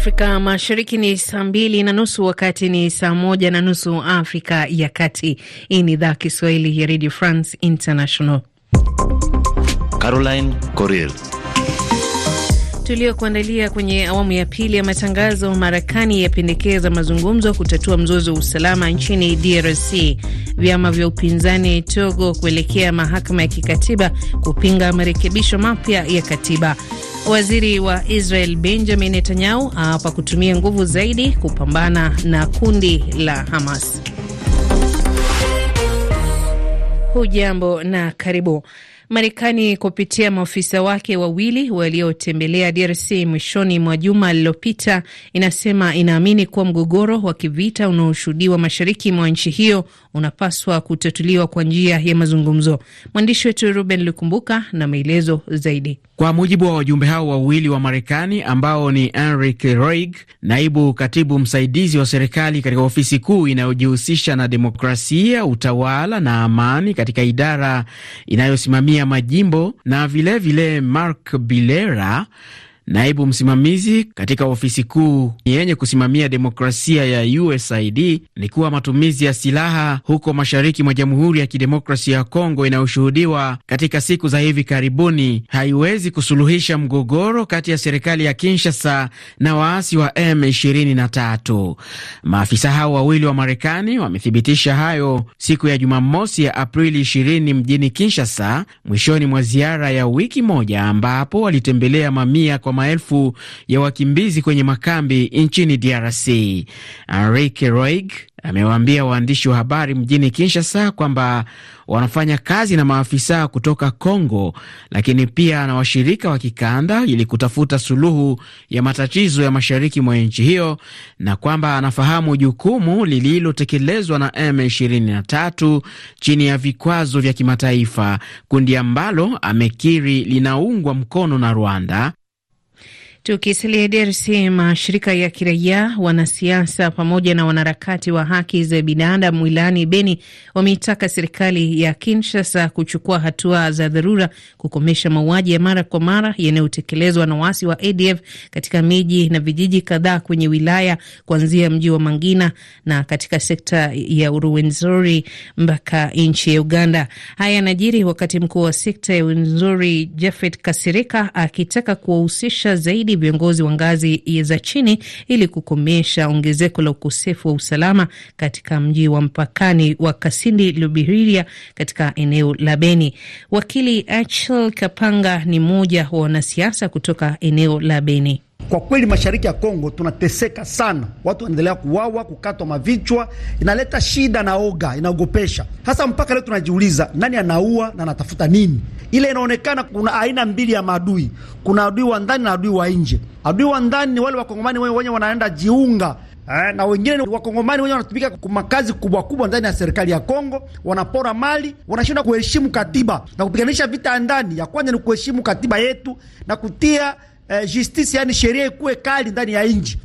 Afrika Mashariki ni saa mbili na nusu, wakati ni saa moja na nusu Afrika ya Kati. Hii ni idhaa Kiswahili ya Radio France International. Caroline Corel tuliokuandalia kwenye awamu ya pili ya matangazo. Marekani yapendekeza mazungumzo kutatua mzozo wa usalama nchini DRC. Vyama vya upinzani Togo kuelekea mahakama ya kikatiba kupinga marekebisho mapya ya katiba. Waziri wa Israel Benjamin Netanyahu aapa kutumia nguvu zaidi kupambana na kundi la Hamas. Hujambo na karibu. Marekani kupitia maofisa wake wawili waliotembelea DRC mwishoni mwa juma lililopita inasema inaamini kuwa mgogoro wa kivita unaoshuhudiwa mashariki mwa nchi hiyo unapaswa kutatuliwa kwa njia ya mazungumzo. Mwandishi wetu Ruben Lukumbuka na maelezo zaidi. Kwa mujibu wa wajumbe hao wawili wa Marekani ambao ni Enric Roig, naibu katibu msaidizi wa serikali katika ofisi kuu inayojihusisha na demokrasia, utawala na amani katika idara inayosimamia majimbo na vilevile vile Mark Bilera naibu msimamizi katika ofisi kuu yenye kusimamia demokrasia ya USAID ni kuwa matumizi ya silaha huko mashariki mwa Jamhuri ya Kidemokrasia ya Kongo inayoshuhudiwa katika siku za hivi karibuni haiwezi kusuluhisha mgogoro kati ya serikali ya Kinshasa na waasi wa M23. Maafisa hao wawili wa Marekani wamethibitisha hayo siku ya Jumamosi ya Aprili 20 mjini Kinshasa, mwishoni mwa ziara ya wiki moja ambapo walitembelea mamia kwa kwa maelfu ya wakimbizi kwenye makambi nchini DRC. Enrique Roig amewaambia waandishi wa habari mjini Kinshasa kwamba wanafanya kazi na maafisa kutoka congo lakini pia na washirika wa kikanda ili kutafuta suluhu ya matatizo ya mashariki mwa nchi hiyo, na kwamba anafahamu jukumu lililotekelezwa na M23 chini ya vikwazo vya kimataifa, kundi ambalo amekiri linaungwa mkono na Rwanda Tukisalia DRC, mashirika ya kiraia, wanasiasa pamoja na wanaharakati wa haki za binadamu wilayani Beni wameitaka serikali ya Kinshasa kuchukua hatua za dharura kukomesha mauaji ya mara kwa mara yanayotekelezwa na waasi wa ADF katika miji na vijiji kadhaa kwenye wilaya kuanzia mji wa Mangina na katika sekta ya Ruwenzori mpaka nchi ya Uganda. Haya yanajiri wakati mkuu wa sekta ya Ruwenzori Jafet Kasirika akitaka kuwahusisha zaidi zaidi viongozi wa ngazi za chini ili kukomesha ongezeko la ukosefu wa usalama katika mji wa mpakani wa Kasindi Lubiriria katika eneo la Beni. Wakili achel Kapanga ni mmoja wa wanasiasa kutoka eneo la Beni. Kwa kweli mashariki ya Kongo tunateseka sana, watu wanaendelea kuwawa, kukatwa mavichwa, inaleta shida na oga, inaogopesha hasa. Mpaka leo tunajiuliza nani anaua na anatafuta nini. Ile inaonekana kuna aina mbili ya maadui, kuna adui wa ndani na adui wa nje. Adui wa ndani ni wale wakongomani wenye wanaenda jiunga eh, na wengine wakongomani wenye wanatumika makazi kubwa kubwa ndani ya serikali ya Kongo, wanapora mali, wanashindwa kuheshimu katiba na kupiganisha vita ya ndani. Ya kwanza ni kuheshimu katiba yetu na kutia eh, justiziani sheria ikuwe kali ndani ya nchi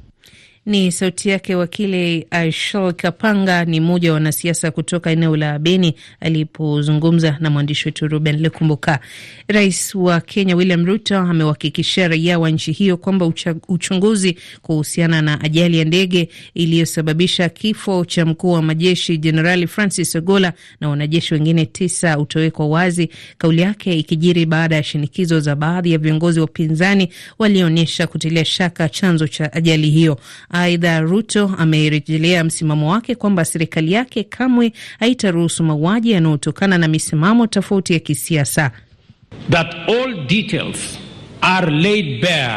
Ni sauti yake wakili Aishol Kapanga, ni mmoja wa wanasiasa kutoka eneo la Beni alipozungumza na mwandishi wetu Ruben Lekumbuka. Rais wa Kenya William Ruto amewahakikishia raia wa nchi hiyo kwamba uchunguzi kuhusiana na ajali ya ndege iliyosababisha kifo cha mkuu wa majeshi Jenerali Francis Ogola na wanajeshi wengine tisa utowekwa wazi, kauli yake ikijiri baada ya shinikizo za baadhi ya viongozi wa upinzani walioonyesha kutilia shaka chanzo cha ajali hiyo. Aidha, Ruto amerejelea msimamo wake kwamba serikali yake kamwe haitaruhusu mauaji yanayotokana na misimamo tofauti ya kisiasa, that all details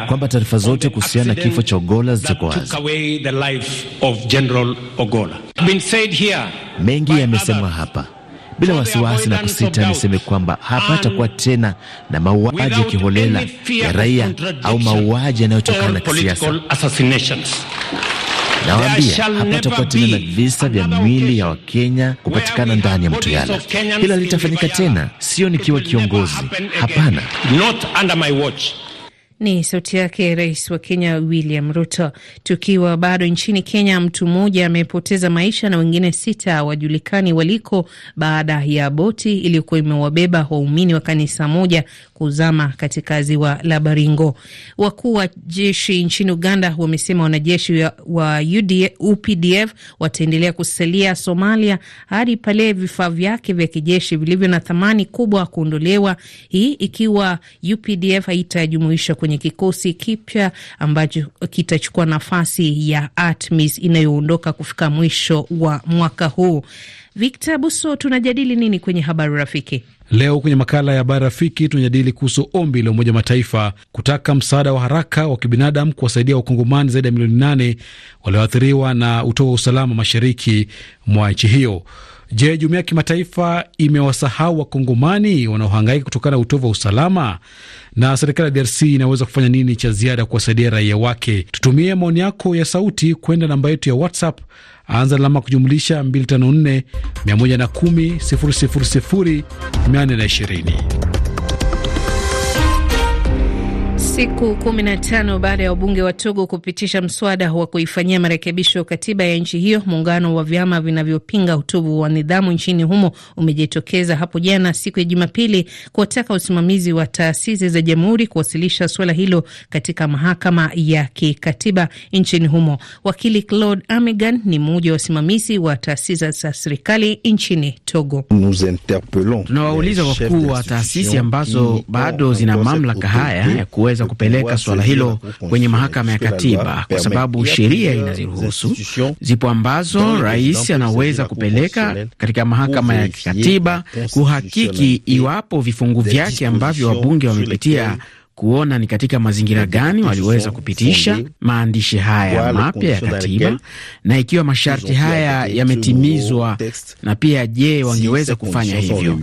kwamba taarifa zote kuhusiana na kifo cha Ogola ziko wazi. Mengi yamesemwa hapa bila wasiwasi na kusita. Niseme kwamba hapatakuwa tena na mauaji ya kiholela ya raia au mauaji yanayotokana na kisiasa. Nawaambia hapatakuwa tena na visa vya mwili ya Wakenya kupatikana ndani ya mto Yala. hila litafanyika tena, sio nikiwa kiongozi, hapana. Ni sauti yake Rais wa Kenya William Ruto. Tukiwa bado nchini Kenya, mtu mmoja amepoteza maisha na wengine sita wajulikani waliko baada ya boti iliyokuwa imewabeba waumini wa kanisa moja kuzama katika ziwa la Baringo. Wakuu wa jeshi nchini Uganda wamesema wanajeshi wa UDF, UPDF wataendelea kusalia Somalia hadi pale vifaa vyake vya kijeshi vilivyo na thamani kubwa kuondolewa, hii ikiwa UPDF haitajumuishwa kwenye kikosi kipya ambacho kitachukua nafasi ya ATMIS inayoondoka kufika mwisho wa mwaka huu. Victor Buso, tunajadili nini kwenye habari rafiki? Leo kwenye makala ya habari rafiki tunajadili kuhusu ombi la Umoja Mataifa kutaka msaada wa haraka wa kibinadamu kuwasaidia wakongomani zaidi ya milioni nane walioathiriwa na utovu wa usalama mashariki mwa nchi hiyo. Je, jumuiya ya kimataifa imewasahau wakongomani wanaohangaika kutokana na utovu wa usalama? Na serikali ya DRC inaweza kufanya nini cha ziada kuwasaidia raia wake? Tutumie maoni yako ya sauti kwenda namba yetu ya WhatsApp, anza alama kujumlisha 254 110 000 420. Siku 15 baada ya wabunge wa Togo kupitisha mswada wa kuifanyia marekebisho katiba ya nchi hiyo, muungano wa vyama vinavyopinga utovu wa nidhamu nchini humo umejitokeza hapo jana, siku ya Jumapili, kuwataka usimamizi wa taasisi za jamhuri kuwasilisha suala hilo katika mahakama ya kikatiba nchini humo. Wakili Claude Amegan ni mmoja wa wasimamizi wa taasisi za serikali nchini Togo. Tunawauliza wakuu wa taasisi ambazo bado zina mamlaka haya ya kuweza kupeleka suala hilo kwenye mahakama ya katiba, kwa sababu sheria inaziruhusu. Zipo ambazo rais anaweza kupeleka katika mahakama ya kikatiba kuhakiki iwapo vifungu vyake ambavyo wabunge wamepitia kuona ni katika mazingira gani waliweza kupitisha maandishi haya mapya ya katiba na ikiwa masharti haya yametimizwa, na pia je, wangeweza kufanya hivyo?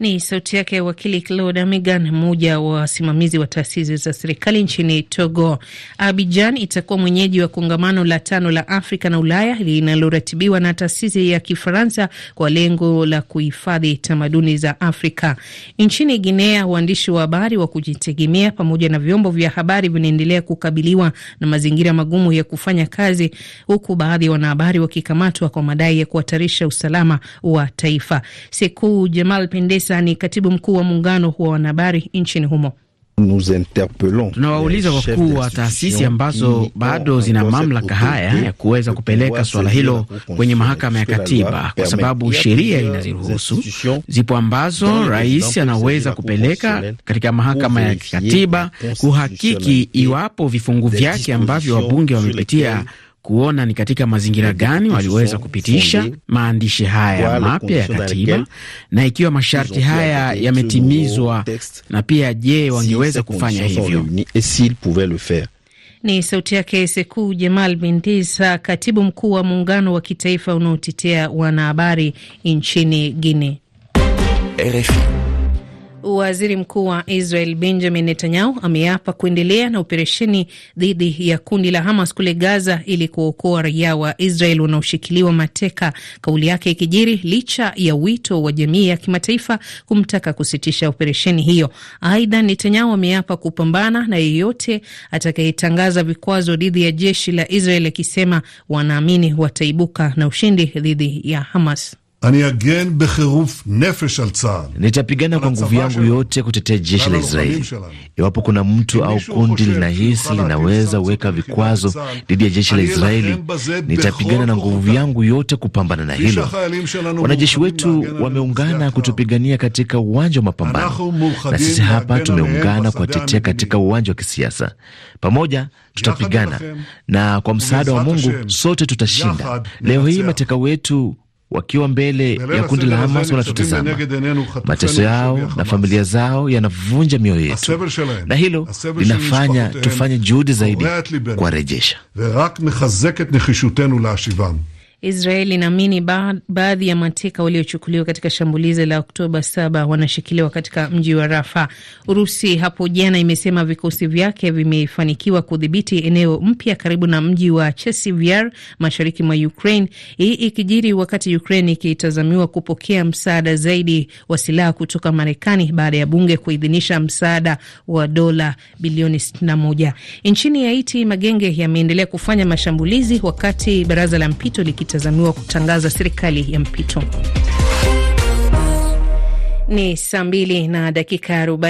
Ni sauti yake wakili Claude Amigan, mmoja wa wasimamizi wa taasisi za serikali nchini Togo. Abidjan itakuwa mwenyeji wa kongamano la tano la Afrika na Ulaya linaloratibiwa na taasisi ya Kifaransa kwa lengo la kuhifadhi tamaduni za Afrika. Nchini Guinea, waandishi wa habari wa kujitegemea pamoja na vyombo vya habari vinaendelea kukabiliwa na mazingira magumu ya kufanya kazi, huku baadhi ya wanahabari wakikamatwa kwa madai ya kuhatarisha usalama wa taifa. Sekou Jamal Pendesi kabisa ni katibu mkuu wa muungano wa wanahabari nchini humo. Tunawauliza wakuu wa taasisi ambazo bado zina mamlaka haya ya kuweza kupeleka suala hilo kwenye mahakama ya katiba, kwa sababu sheria inaziruhusu. Zipo ambazo rais anaweza kupeleka katika mahakama ya kikatiba kuhakiki iwapo vifungu vyake ambavyo wabunge wamepitia kuona ni katika mazingira gani waliweza kupitisha maandishi haya mapya ya katiba na ikiwa masharti haya yametimizwa, na pia je, wangeweza kufanya hivyo? Ni sauti yake Sekuu Jamal Bindisa, katibu mkuu wa muungano wa kitaifa unaotetea wanahabari nchini Guinea. RFI Waziri Mkuu wa Israel Benjamin Netanyahu ameapa kuendelea na operesheni dhidi ya kundi la Hamas kule Gaza ili kuokoa raia wa Israel wanaoshikiliwa mateka, kauli yake ikijiri licha ya wito wa jamii ya kimataifa kumtaka kusitisha operesheni hiyo. Aidha, Netanyahu ameapa kupambana na yeyote atakayetangaza vikwazo dhidi ya jeshi la Israel akisema wanaamini wataibuka na ushindi dhidi ya Hamas. Nitapigana kwa nguvu yangu yote kutetea jeshi la Israeli. Iwapo kuna mtu au kundi linahisi linaweza weka vikwazo dhidi ya jeshi la Israeli, nitapigana na nguvu yangu yote kupambana na hilo. Wanajeshi wetu wameungana kutupigania katika uwanja wa mapambano, na sisi hapa tumeungana kuwatetea katika uwanja wa kisiasa. Pamoja tutapigana, na kwa msaada wa Mungu sote tutashinda. Leo hii mateka wetu wakiwa mbele ya kundi la Hamas wanatutazama. Mateso yao na familia zao yanavunja mioyo yetu, na hilo linafanya tufanye juhudi zaidi kuwarejesha. Israel inaamini ba baadhi ya mateka waliochukuliwa katika shambulizi la Oktoba 7 wanashikiliwa katika mji wa Rafa. Urusi hapo jana imesema vikosi vyake vimefanikiwa kudhibiti eneo mpya karibu na mji wa Chesivyar mashariki mwa Ukraine. Hii ikijiri wakati Ukraine ikitazamiwa kupokea msaada zaidi wa silaha kutoka Marekani baada ya bunge kuidhinisha msaada wa dola bilioni 61. Nchini Haiti magenge yameendelea kufanya mashambulizi wakati baraza la mpito likita inatazamiwa kutangaza serikali ya mpito. Ni saa mbili na dakika arobaini.